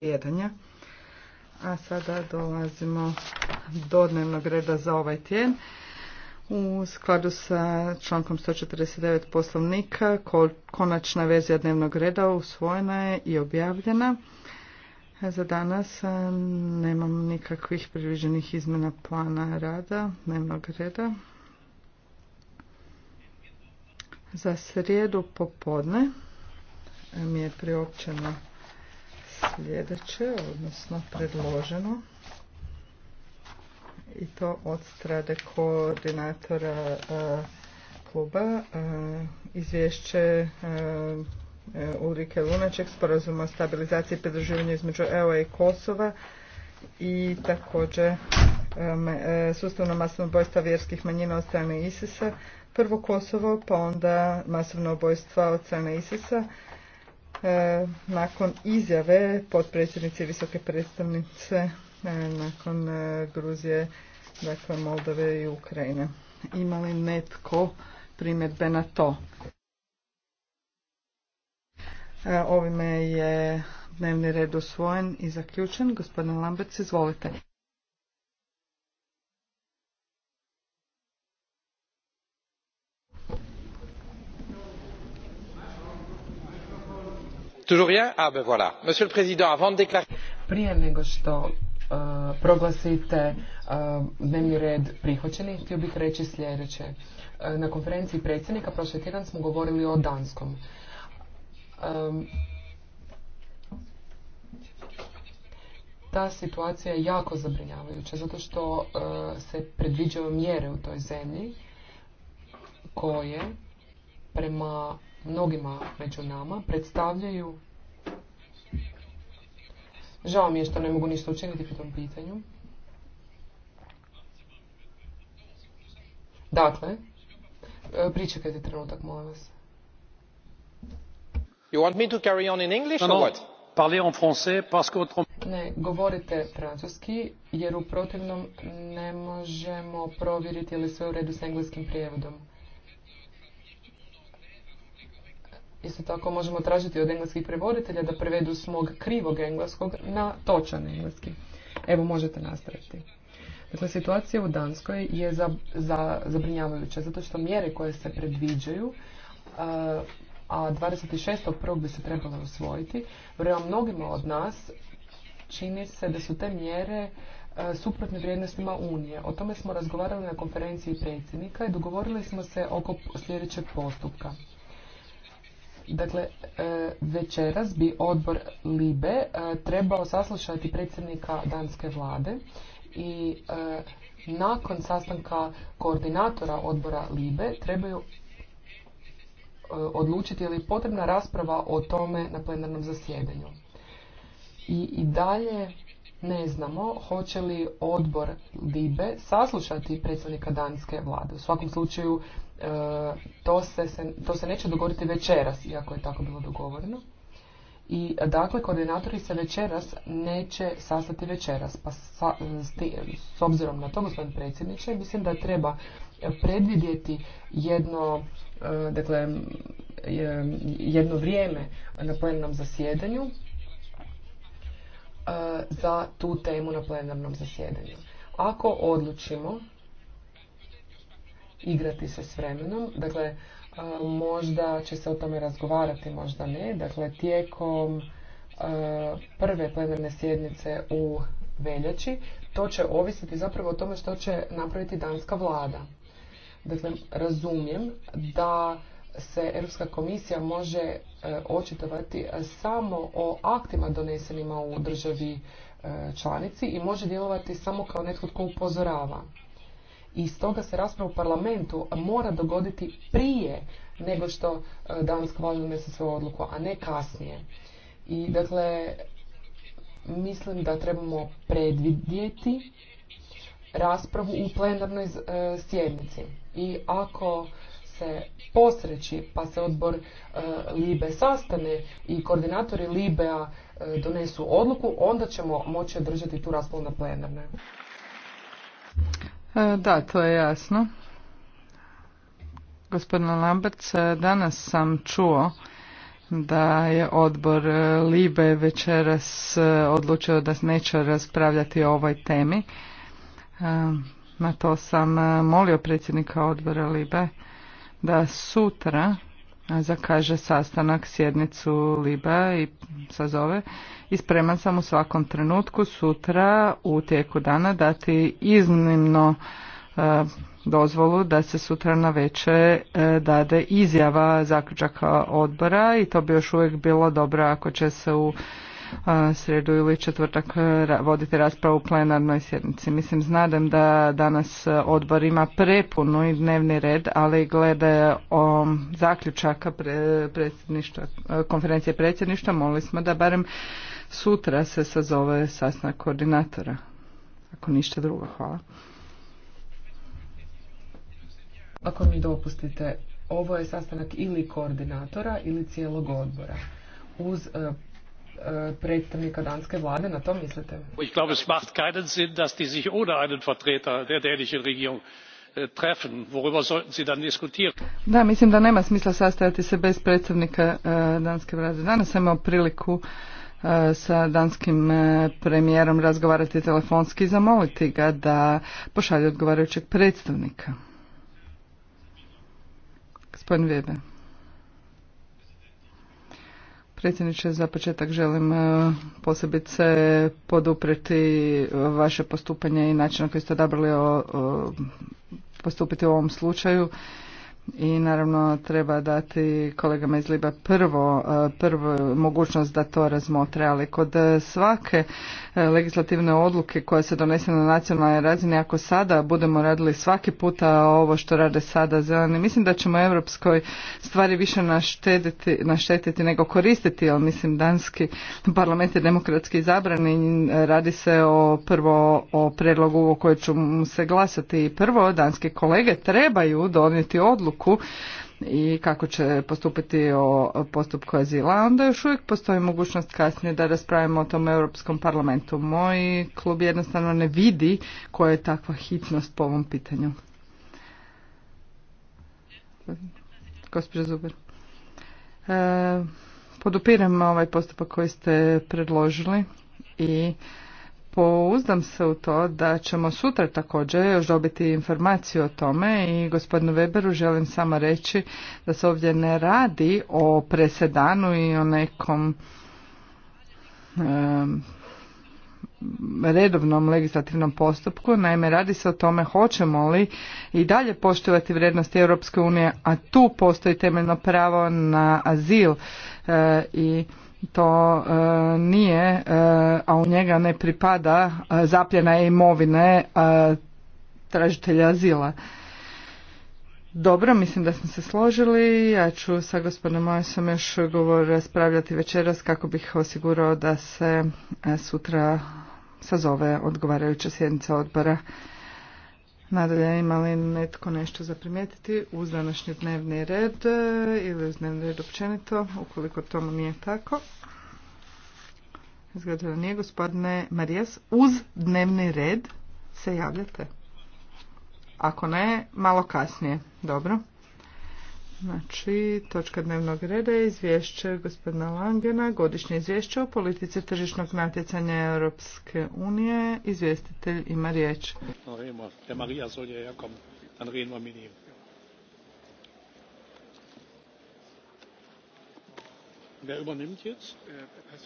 jedanja. A sada dolazimo do dnevnog reda za ovaj tjedan. U skladu sa člankom 149 poslovnika konačna verzija dnevnog reda usvojena je i objavljena. Za danas nemam nikakvih priviđenih izmjena plana rada dnevnog reda. Za srijedu popodne mi je priopćeno sljedeće, odnosno predloženo i to od strade koordinatora eh, kluba eh, izvješće eh, Ulrike Lunaček sporazuma o stabilizaciji i pridruživanju između EU i Kosova i također sustavno masovno vjerskih manjina od strane ISIS-a, prvo Kosovo, pa onda masovno ubojstva od strane ISIS-a, e, nakon izjave potpredsjednice visoke predstavnice e, nakon e, Gruzije, dakle Moldove i Ukrajine. Ima li netko primjedbe na to? E, ovime je dnevni red usvojen i zaključen. Gospodin Lambec, izvolite. Ah, Prije nego što uh, proglasite uh, dnevni red prihvaćeni, htio bih reći sljedeće. Uh, na konferenciji predsjednika prošli tjedan smo govorili o Danskom. Um, ta situacija je jako zabrinjavajuća zato što se predviđaju mjere u toj zemlji koje prema mnogima među nama predstavljaju Žao mi je što ne mogu ništa učiniti po tom pitanju. Dakle, e, pričekajte trenutak, molim vas. You want me to carry on in English or what? en français parce Ne, govorite francuski jer u protivnom ne možemo provjeriti je li sve u redu s engleskim prijevodom. Isto tako možemo tražiti od engleskih prevoditelja da prevedu smog krivog engleskog na točan engleski. Evo, možete nastaviti. Dakle, situacija u Danskoj je za, za, zabrinjavajuća, zato što mjere koje se predviđaju, a prvog bi se trebalo usvojiti, vrema mnogima od nas čini se da su te mjere suprotne vrijednostima Unije. O tome smo razgovarali na konferenciji predsjednika i dogovorili smo se oko sljedećeg postupka. Dakle, e, večeras bi odbor Libe e, trebao saslušati predsjednika danske vlade i e, nakon sastanka koordinatora odbora Libe trebaju odlučiti je potrebna rasprava o tome na plenarnom zasjedanju. I, i dalje ne znamo hoće li odbor DIBE saslušati predstavnika danske vlade. U svakom slučaju e, to se, to se neće dogoditi večeras, iako je tako bilo dogovoreno. I dakle, koordinatori se večeras neće sastati večeras. Pa s obzirom na to, gospodin predsjedniče, mislim da treba predvidjeti jedno, e, dakle, jedno vrijeme na plenarnom zasjedanju E, za tu temu na plenarnom zasjedanju. Ako odlučimo igrati se s vremenom, dakle e, možda će se o tome razgovarati, možda ne, dakle tijekom e, prve plenarne sjednice u veljači, to će ovisiti zapravo o tome što će napraviti danska vlada. Dakle, razumijem da se Europska komisija može E, očitovati samo o aktima donesenima u državi e, članici i može djelovati samo kao netko tko upozorava. I stoga se rasprava u parlamentu mora dogoditi prije nego što e, danas vlada donese svoju odluku, a ne kasnije. I dakle, mislim da trebamo predvidjeti raspravu u plenarnoj sjednici. I ako se posreći pa se odbor e, Libe sastane i koordinatori Libea e, donesu odluku, onda ćemo moći održati tu raspravu na plenarne. Da, to je jasno. Gospodine Lamberts, e, danas sam čuo da je odbor e, Libe večeras odlučio da neće raspravljati o ovoj temi. Na to sam molio predsjednika odbora Libe da sutra zakaže sastanak sjednicu Liba i sazove i spreman sam u svakom trenutku sutra u tijeku dana dati iznimno e, dozvolu da se sutra na večer e, dade izjava zaključaka odbora i to bi još uvijek bilo dobro ako će se u srijedu ili četvrtak voditi raspravu u plenarnoj sjednici. Mislim, znadem da danas odbor ima prepuno i dnevni red, ali glede o zaključaka konferencije predsjedništva molili smo da barem sutra se sazove sastanak koordinatora. Ako ništa drugo, hvala. Ako mi dopustite, ovo je sastanak ili koordinatora ili cijelog odbora. Uz e, Eh, predstavnika danske vlade na to mislite? Ich glaube, es macht keinen Sinn, dass die sich ohne einen Vertreter der dänischen Regierung eh, treffen. Worüber sollten sie dann diskutieren? Da, mislim da nema smisla sastajati se bez predstavnika eh, danske vlade. Danas sam imao priliku sa danskim premijerom razgovarati telefonski i zamoliti ga da pošalje odgovarajućeg predstavnika. Gospodin Weber. Predsjedniče, za početak želim e, posebice podupreti vaše postupanje i način na koji ste odabrali postupiti u ovom slučaju i naravno treba dati kolegama iz Liba prvo, e, prvo mogućnost da to razmotre, ali kod svake e, legislativne odluke koja se donese na nacionalnoj razini, ako sada budemo radili svaki puta ovo što rade sada zeleni, mislim da ćemo europskoj stvari više naštetiti, naštetiti nego koristiti, jer mislim danski parlament je demokratski izabran i radi se o prvo o predlogu o kojoj ću se glasati i prvo danski kolege trebaju donijeti odluku odluku i kako će postupiti o postupku azila, onda još uvijek postoji mogućnost kasnije da raspravimo o tom Europskom parlamentu. Moj klub jednostavno ne vidi koja je takva hitnost po ovom pitanju. Gospodin Zuber. E, podupiram ovaj postupak koji ste predložili i pouzdam se u to da ćemo sutra također još dobiti informaciju o tome i gospodinu Weberu želim samo reći da se ovdje ne radi o presedanu i o nekom redovnom legislativnom postupku. Naime, radi se o tome hoćemo li i dalje poštovati vrijednosti Europske unije, a tu postoji temeljno pravo na azil e, i to e, nije, e, a u njega ne pripada e, zapljena imovine e, tražitelja azila. Dobro, mislim da smo se složili. Ja ću sa gospodinom Mojsom još govor raspravljati večeras kako bih osigurao da se sutra sazove odgovarajuća sjednica odbora. Nadalje, ima li netko nešto za primijetiti uz današnji dnevni red e, ili uz dnevni red općenito, ukoliko tomu nije tako? Izgleda da nije, gospodine Marijas. Uz dnevni red se javljate. Ako ne, malo kasnije. Dobro. Znači, točka dnevnog reda je izvješće gospodina Langena, godišnje izvješće o politici tržišnog natjecanja Europske unije. Izvjestitelj ima riječ. Wer übernimmt jetzt?